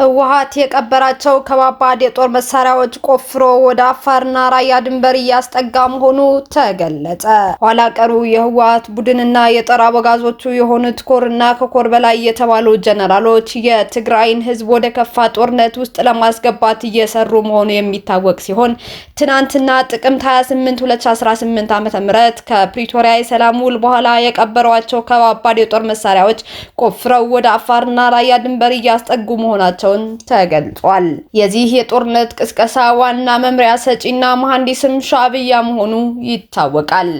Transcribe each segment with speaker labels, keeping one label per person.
Speaker 1: ህወሀት የቀበራቸው ከባባድ የጦር መሳሪያዎች ቆፍሮ ወደ አፋርና ራያ ድንበር እያስጠጋ መሆኑ ተገለጸ። ኋላ ቀሩ የህወሀት ቡድንና የጦር አበጋዞቹ የሆኑት ኮርና ከኮር በላይ የተባሉ ጀነራሎች የትግራይን ህዝብ ወደ ከፋ ጦርነት ውስጥ ለማስገባት እየሰሩ መሆኑ የሚታወቅ ሲሆን ትናንትና ጥቅምት 28 2018 ዓ.ም ከፕሪቶሪያ የሰላም ውል በኋላ የቀበሯቸው ከባባድ የጦር መሳሪያዎች ቆፍረው ወደ አፋርና ራያ ድንበር እያስጠጉ መሆናቸው መሆናቸውን ተገልጿል። የዚህ የጦርነት ቅስቀሳ ዋና መምሪያ ሰጪና መሐንዲስም ሻዕብያ መሆኑ ይታወቃል።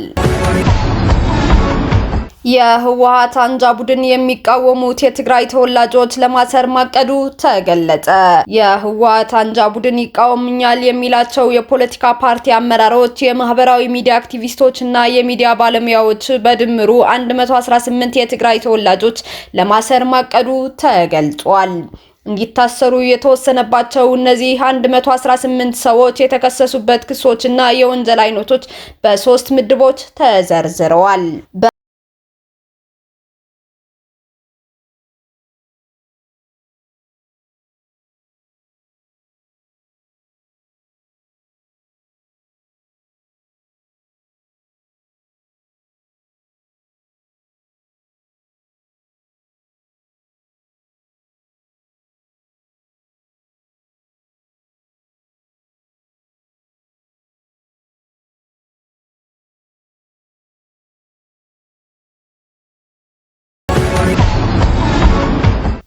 Speaker 1: የህወሓት አንጃ ቡድን የሚቃወሙት የትግራይ ተወላጆች ለማሰር ማቀዱ ተገለጸ። የህወሓት አንጃ ቡድን ይቃወምኛል የሚላቸው የፖለቲካ ፓርቲ አመራሮች፣ የማህበራዊ ሚዲያ አክቲቪስቶች እና የሚዲያ ባለሙያዎች በድምሩ 118 የትግራይ ተወላጆች ለማሰር ማቀዱ ተገልጿል። እንዲታሰሩ የተወሰነባቸው እነዚህ 118 ሰዎች የተከሰሱበት ክሶችና የወንጀል አይነቶች በሶስት ምድቦች ተዘርዝረዋል።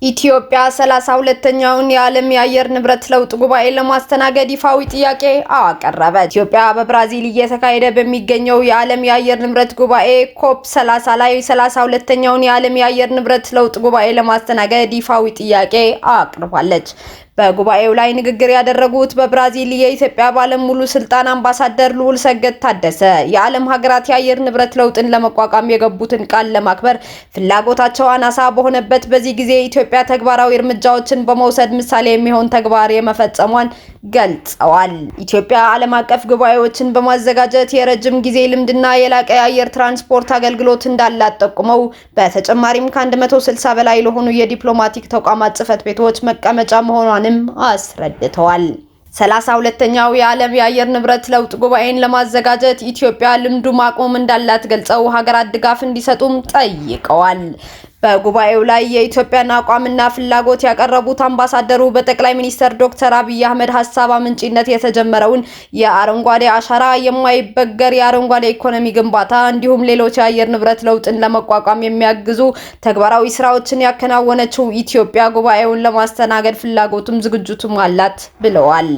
Speaker 2: ኢትዮጵያ ሰላሳ ሁለተኛውን የዓለም የአየር ንብረት ለውጥ ጉባኤ ለማስተናገድ ይፋዊ ጥያቄ አቀረበች። ኢትዮጵያ በብራዚል እየተካሄደ በሚገኘው የዓለም የአየር ንብረት ጉባኤ ኮፕ 30 ላይ ሰላሳ ሁለተኛውን የዓለም የአየር ንብረት ለውጥ ጉባኤ ለማስተናገድ ይፋዊ ጥያቄ አቅርባለች። በጉባኤው ላይ ንግግር ያደረጉት በብራዚል የኢትዮጵያ ባለም ሙሉ ስልጣን አምባሳደር ልዑል ሰገድ ታደሰ የዓለም ሀገራት የአየር ንብረት ለውጥን ለመቋቋም የገቡትን ቃል ለማክበር ፍላጎታቸው አናሳ በሆነበት በዚህ ጊዜ ኢትዮጵያ ተግባራዊ እርምጃዎችን በመውሰድ ምሳሌ የሚሆን ተግባር የመፈጸሟን ገልጸዋል። ኢትዮጵያ ዓለም አቀፍ ጉባኤዎችን በማዘጋጀት የረጅም ጊዜ ልምድና የላቀ የአየር ትራንስፖርት አገልግሎት እንዳላት ጠቁመው በተጨማሪም ከ160 በላይ ለሆኑ የዲፕሎማቲክ ተቋማት ጽህፈት ቤቶች መቀመጫ መሆኗን መሆኗንም አስረድተዋል። ሰላሳ ሁለተኛው የዓለም የአየር ንብረት ለውጥ ጉባኤን ለማዘጋጀት ኢትዮጵያ ልምዱ ማቆም እንዳላት ገልጸው ሀገራት ድጋፍ እንዲሰጡም ጠይቀዋል። በጉባኤው ላይ የኢትዮጵያን አቋምና ፍላጎት ያቀረቡት አምባሳደሩ በጠቅላይ ሚኒስትር ዶክተር አብይ አህመድ ሀሳብ አምንጭነት የተጀመረውን የአረንጓዴ አሻራ የማይበገር የአረንጓዴ ኢኮኖሚ ግንባታ እንዲሁም ሌሎች የአየር ንብረት ለውጥን ለመቋቋም የሚያግዙ ተግባራዊ ስራዎችን ያከናወነችው ኢትዮጵያ ጉባኤውን ለማስተናገድ ፍላጎቱም ዝግጅቱም አላት ብለዋል።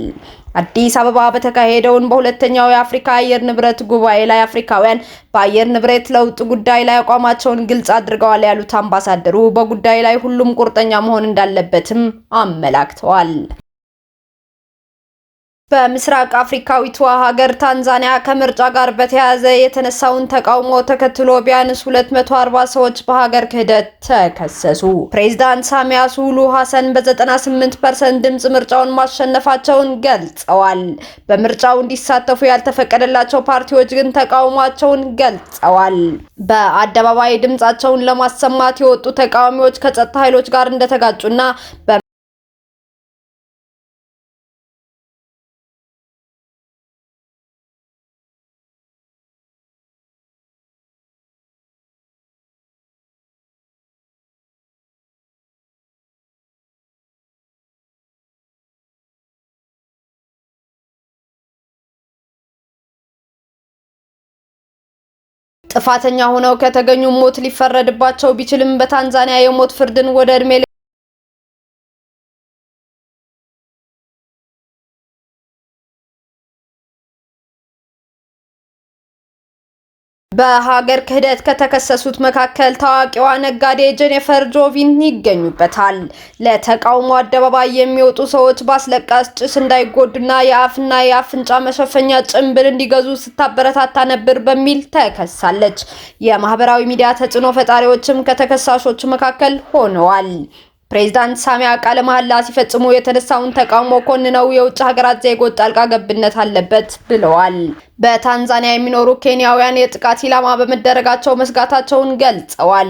Speaker 2: አዲስ አበባ በተካሄደውን በሁለተኛው የአፍሪካ አየር ንብረት ጉባኤ ላይ አፍሪካውያን በአየር ንብረት ለውጥ ጉዳይ ላይ አቋማቸውን ግልጽ አድርገዋል ያሉት አምባሳደሩ በጉዳይ ላይ ሁሉም ቁርጠኛ መሆን እንዳለበትም አመላክተዋል። በምስራቅ አፍሪካዊቷ ሀገር ታንዛኒያ ከምርጫ ጋር በተያያዘ የተነሳውን ተቃውሞ ተከትሎ ቢያንስ 240 ሰዎች በሀገር ክህደት ተከሰሱ። ፕሬዚዳንት ሳሚያ ሱሉሁ ሀሰን በ98 ፐርሰንት ድምፅ ምርጫውን ማሸነፋቸውን ገልጸዋል። በምርጫው እንዲሳተፉ ያልተፈቀደላቸው ፓርቲዎች ግን ተቃውሟቸውን ገልጸዋል። በአደባባይ ድምፃቸውን ለማሰማት የወጡ ተቃዋሚዎች ከጸጥታ ኃይሎች ጋር እንደተጋጩና
Speaker 3: ጥፋተኛ ሆነው ከተገኙ ሞት ሊፈረድባቸው ቢችልም በታንዛኒያ የሞት ፍርድን ወደ እድሜ በሀገር ክህደት ከተከሰሱት መካከል ታዋቂዋ ነጋዴ ጄኒፈር ጆቪን ይገኙበታል። ለተቃውሞ አደባባይ የሚወጡ ሰዎች በአስለቃሽ ጭስ እንዳይጎዱና የአፍና የአፍንጫ መሸፈኛ ጭንብል እንዲገዙ ስታበረታታ ነበር በሚል ተከሳለች። የማህበራዊ ሚዲያ ተጽዕኖ ፈጣሪዎችም ከተከሳሾቹ መካከል ሆነዋል። ፕሬዚዳንት ሳሚያ ቃለ መሐላ ሲፈጽሙ የተነሳውን ተቃውሞ ኮንነው የውጭ ሀገራት ዜጎች ጣልቃ ገብነት አለበት ብለዋል። በታንዛኒያ የሚኖሩ ኬንያውያን የጥቃት ኢላማ በመደረጋቸው መስጋታቸውን ገልጸዋል።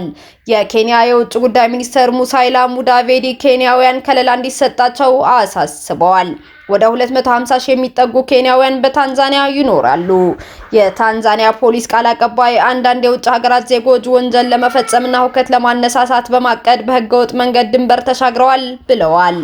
Speaker 3: የኬንያ የውጭ ጉዳይ ሚኒስትር ሙሳይላ ሙዳቬዲ ኬንያውያን ከለላ እንዲሰጣቸው አሳስበዋል። ወደ 250 ሺህ የሚጠጉ ኬንያውያን በታንዛኒያ ይኖራሉ። የታንዛኒያ ፖሊስ ቃል አቀባይ አንዳንድ የውጭ ሀገራት ዜጎች ወንጀል ለመፈጸምና ሁከት ለማነሳሳት በማቀድ በህገወጥ መንገድ ድንበር ተሻግረዋል ብለዋል።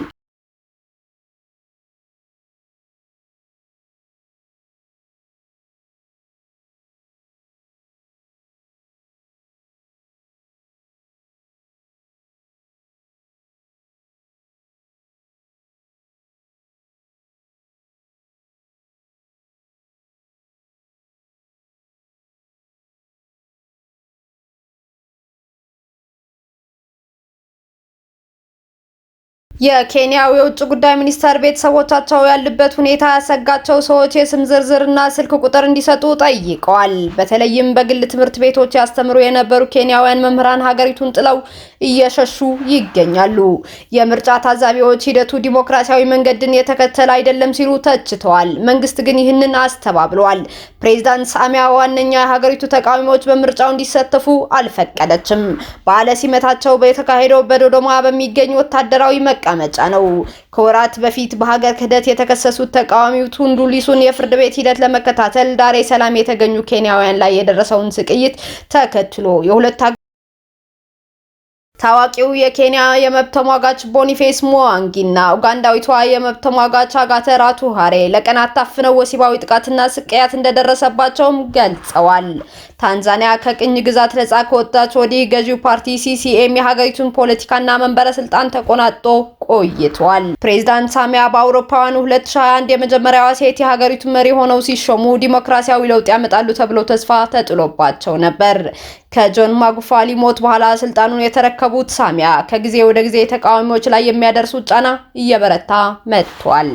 Speaker 3: የኬንያው የውጭ ጉዳይ ሚኒስተር ቤተሰቦቻቸው ያሉበት ሁኔታ ያሰጋቸው ሰዎች የስም ዝርዝርና ስልክ ቁጥር እንዲሰጡ ጠይቀዋል። በተለይም በግል ትምህርት ቤቶች ያስተምሩ የነበሩ ኬንያውያን መምህራን ሀገሪቱን ጥለው እየሸሹ ይገኛሉ። የምርጫ ታዛቢዎች ሂደቱ ዲሞክራሲያዊ መንገድን የተከተለ አይደለም ሲሉ ተችተዋል። መንግስት ግን ይህንን አስተባብሏል። ፕሬዚዳንት ሳሚያ ዋነኛ የሀገሪቱ ተቃዋሚዎች በምርጫው እንዲሳተፉ አልፈቀደችም። በዓለ ሲመታቸው በተካሄደው በዶዶማ በሚገኝ ወታደራዊ መቀ መቀመጫ ነው። ከወራት በፊት በሀገር ክህደት የተከሰሱት ተቃዋሚው ቱንዱ ሊሱን የፍርድ ቤት ሂደት ለመከታተል ዳሬ ሰላም የተገኙ ኬንያውያን ላይ የደረሰውን ስቅይት ተከትሎ የሁለት ታዋቂው የኬንያ የመብት ተሟጋች ቦኒፌስ እና ኡጋንዳዊቷ የመብት ተሟጋች አጋተ ሀሬ ለቀናት ታፍነው ወሲባዊ ጥቃትና ስቅያት እንደደረሰባቸውም ገልጸዋል። ታንዛኒያ ከቅኝ ግዛት ነጻ ከወጣች ወዲህ ገዢው ፓርቲ ሲሲኤም የሀገሪቱን ፖለቲካና መንበረ ስልጣን ተቆናጦ ቆይቷል። ፕሬዚዳንት ሳሚያ በአውሮፓውያኑ 2021 የመጀመሪያዋ ሴት የሀገሪቱ መሪ ሆነው ሲሾሙ ዲሞክራሲያዊ ለውጥ ያመጣሉ ተብሎ ተስፋ ተጥሎባቸው ነበር። ከጆን ማጉፋሊ ሞት በኋላ ስልጣኑን የተረከቡት ሳሚያ ከጊዜ ወደ ጊዜ ተቃዋሚዎች ላይ የሚያደርሱት ጫና እየበረታ መጥቷል።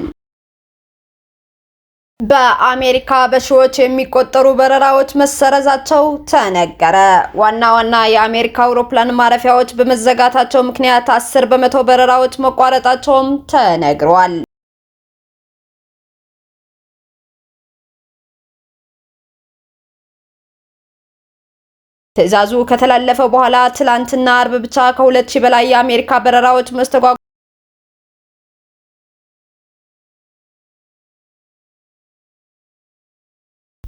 Speaker 4: በአሜሪካ በሺዎች የሚቆጠሩ በረራዎች መሰረዛቸው ተነገረ። ዋና ዋና የአሜሪካ አውሮፕላን ማረፊያዎች በመዘጋታቸው ምክንያት አስር በመቶ በረራዎች መቋረጣቸውም ተነግሯል። ትዕዛዙ ከተላለፈ በኋላ ትላንትና አርብ ብቻ ከሁለት ሺህ በላይ የአሜሪካ በረራዎች መስተጓጓ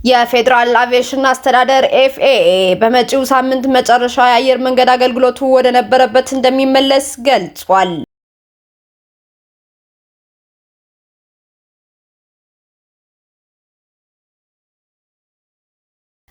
Speaker 4: የፌዴራል አቪዬሽን አስተዳደር ኤፍኤኤ በመጪው ሳምንት መጨረሻ የአየር መንገድ አገልግሎቱ ወደ ነበረበት እንደሚመለስ ገልጿል።